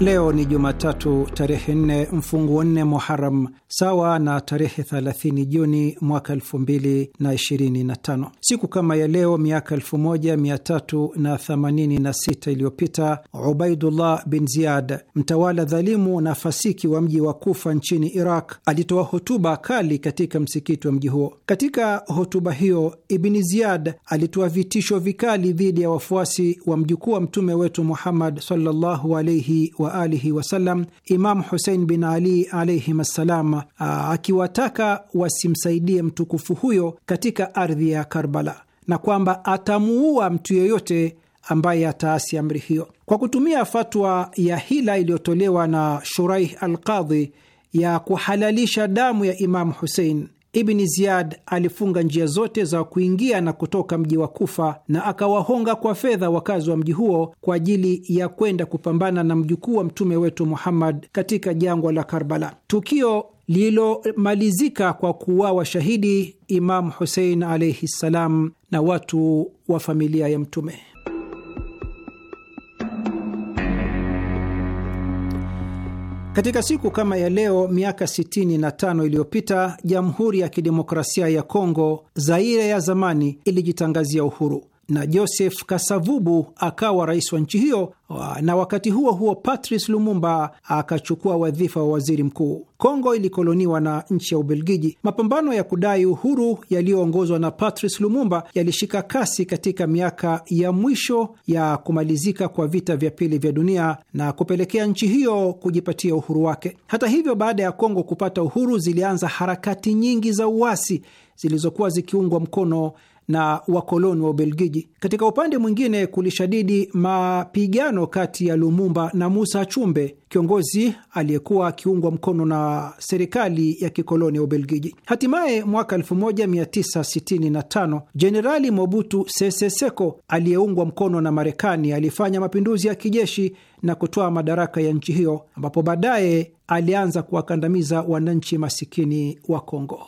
Leo ni Jumatatu tarehe nne mfungu 4 Muharam sawa na tarehe 30 Juni mwaka tano. Siku kama ya leo miaka 1386 iliyopita, Ubaidullah bin Ziyad, mtawala dhalimu na fasiki wa mji wa Kufa nchini Iraq, alitoa hotuba kali katika msikiti wa mji huo. Katika hotuba hiyo, Ibni Ziyad alitoa vitisho vikali dhidi ya wafuasi wa mjukuu wa mtume wetu Muhammad sallallahu alaihi wa wa alihi wasallam, Imamu Husein bin Ali alaihim assalam, akiwataka wasimsaidie mtukufu huyo katika ardhi ya Karbala na kwamba atamuua mtu yeyote ambaye ataasi amri hiyo. Kwa kutumia fatwa ya hila iliyotolewa na Shuraih Alqadhi ya kuhalalisha damu ya Imamu Husein, Ibni Ziyad alifunga njia zote za kuingia na kutoka mji wa Kufa na akawahonga kwa fedha wakazi wa mji huo kwa ajili ya kwenda kupambana na mjukuu wa mtume wetu Muhammad katika jangwa la Karbala, tukio lililomalizika kwa kuuawa shahidi Imamu Husein alaihi ssalam na watu wa familia ya Mtume. Katika siku kama ya leo miaka 65 iliyopita Jamhuri ya Kidemokrasia ya Kongo, Zaire ya zamani, ilijitangazia uhuru na Joseph Kasavubu akawa rais wa nchi hiyo, na wakati huo huo Patrice Lumumba akachukua wadhifa wa waziri mkuu. Kongo ilikoloniwa na nchi ya Ubelgiji. Mapambano ya kudai uhuru yaliyoongozwa na Patrice Lumumba yalishika kasi katika miaka ya mwisho ya kumalizika kwa vita vya pili vya dunia na kupelekea nchi hiyo kujipatia uhuru wake. Hata hivyo, baada ya Kongo kupata uhuru, zilianza harakati nyingi za uasi zilizokuwa zikiungwa mkono na wakoloni wa Ubelgiji. Katika upande mwingine, kulishadidi mapigano kati ya Lumumba na Musa Chumbe, kiongozi aliyekuwa akiungwa mkono na serikali ya kikoloni ya Ubelgiji. Hatimaye mwaka 1965 Jenerali Mobutu Sese Seko aliyeungwa mkono na Marekani alifanya mapinduzi ya kijeshi na kutoa madaraka ya nchi hiyo, ambapo baadaye alianza kuwakandamiza wananchi masikini wa Kongo.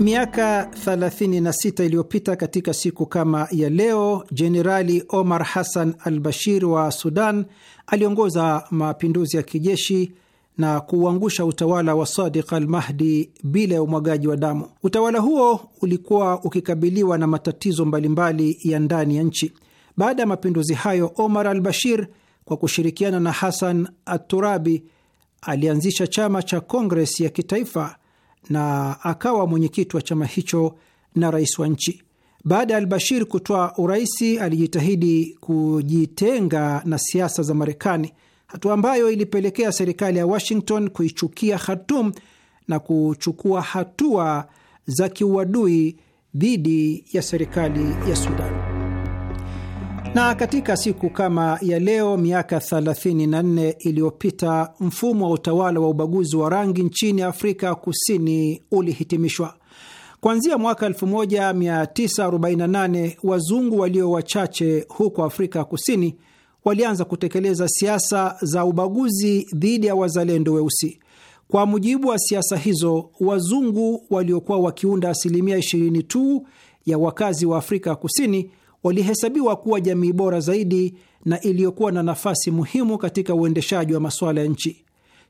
Miaka 36 iliyopita katika siku kama ya leo, Jenerali Omar Hassan al Bashir wa Sudan aliongoza mapinduzi ya kijeshi na kuuangusha utawala wa Sadiq al Mahdi bila ya umwagaji wa damu. Utawala huo ulikuwa ukikabiliwa na matatizo mbalimbali ya ndani ya nchi. Baada ya mapinduzi hayo, Omar al Bashir kwa kushirikiana na Hassan Aturabi alianzisha chama cha Kongres ya Kitaifa na akawa mwenyekiti wa chama hicho na rais wa nchi. Baada ya Albashir kutoa uraisi, alijitahidi kujitenga na siasa za Marekani, hatua ambayo ilipelekea serikali ya Washington kuichukia Khartum na kuchukua hatua za kiuadui dhidi ya serikali ya Sudan. Na katika siku kama ya leo miaka 34 iliyopita mfumo wa utawala wa ubaguzi wa rangi nchini Afrika Kusini ulihitimishwa. Kuanzia mwaka 1948 wazungu walio wachache huko Afrika Kusini walianza kutekeleza siasa za ubaguzi dhidi ya wazalendo weusi. Kwa mujibu wa siasa hizo, wazungu waliokuwa wakiunda asilimia 20 tu ya wakazi wa Afrika Kusini walihesabiwa kuwa jamii bora zaidi na iliyokuwa na nafasi muhimu katika uendeshaji wa masuala ya nchi.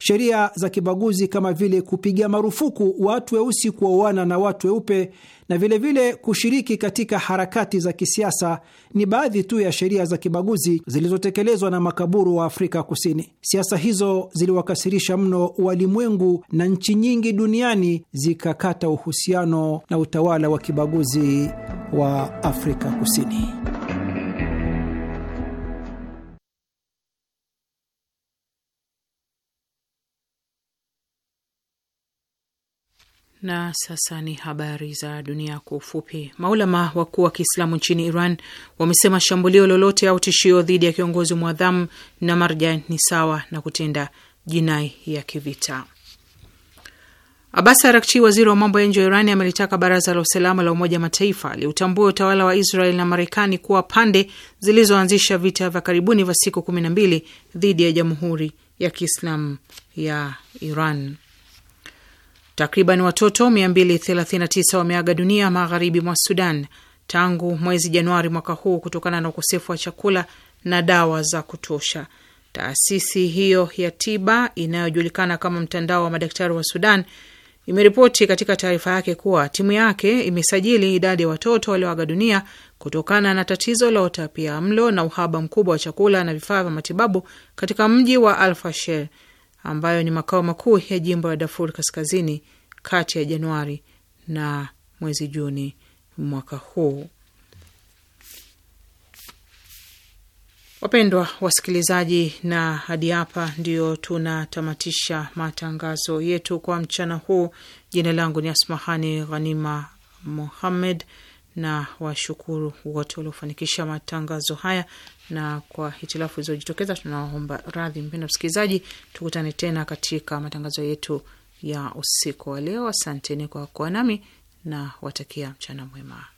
Sheria za kibaguzi kama vile kupiga marufuku watu weusi kuoana na watu weupe na vilevile vile kushiriki katika harakati za kisiasa ni baadhi tu ya sheria za kibaguzi zilizotekelezwa na makaburu wa Afrika Kusini. Siasa hizo ziliwakasirisha mno walimwengu na nchi nyingi duniani zikakata uhusiano na utawala wa kibaguzi wa Afrika Kusini. Na sasa ni habari za dunia kwa ufupi. Maulama wakuu wa Kiislamu nchini Iran wamesema shambulio lolote au tishio dhidi ya kiongozi mwadhamu na marja ni sawa na kutenda jinai ya kivita. Abbas Arakchi, waziri wa mambo ya nje wa Irani, amelitaka baraza la usalama la Umoja Mataifa liutambue utawala wa Israel na Marekani kuwa pande zilizoanzisha vita vya karibuni vya siku kumi na mbili dhidi ya Jamhuri ya Kiislamu ya Iran. Takriban watoto 239 wameaga dunia magharibi mwa Sudan tangu mwezi Januari mwaka huu kutokana na ukosefu wa chakula na dawa za kutosha. Taasisi hiyo ya tiba inayojulikana kama mtandao wa madaktari wa Sudan imeripoti katika taarifa yake kuwa timu yake imesajili idadi ya watoto walioaga dunia kutokana na tatizo la utapia mlo na uhaba mkubwa wa chakula na vifaa vya matibabu katika mji wa alfashel ambayo ni makao makuu ya jimbo la Darfur Kaskazini kati ya Januari na mwezi Juni mwaka huu. Wapendwa wasikilizaji, na hadi hapa ndio tunatamatisha matangazo yetu kwa mchana huu. Jina langu ni Asmahani Ghanima muhammed na washukuru wote waliofanikisha matangazo haya, na kwa hitilafu ilizojitokeza tunaomba radhi. Mpendwa msikilizaji, tukutane tena katika matangazo yetu ya usiku wa leo. Asanteni kwa kuwa nami na watakia mchana mwema.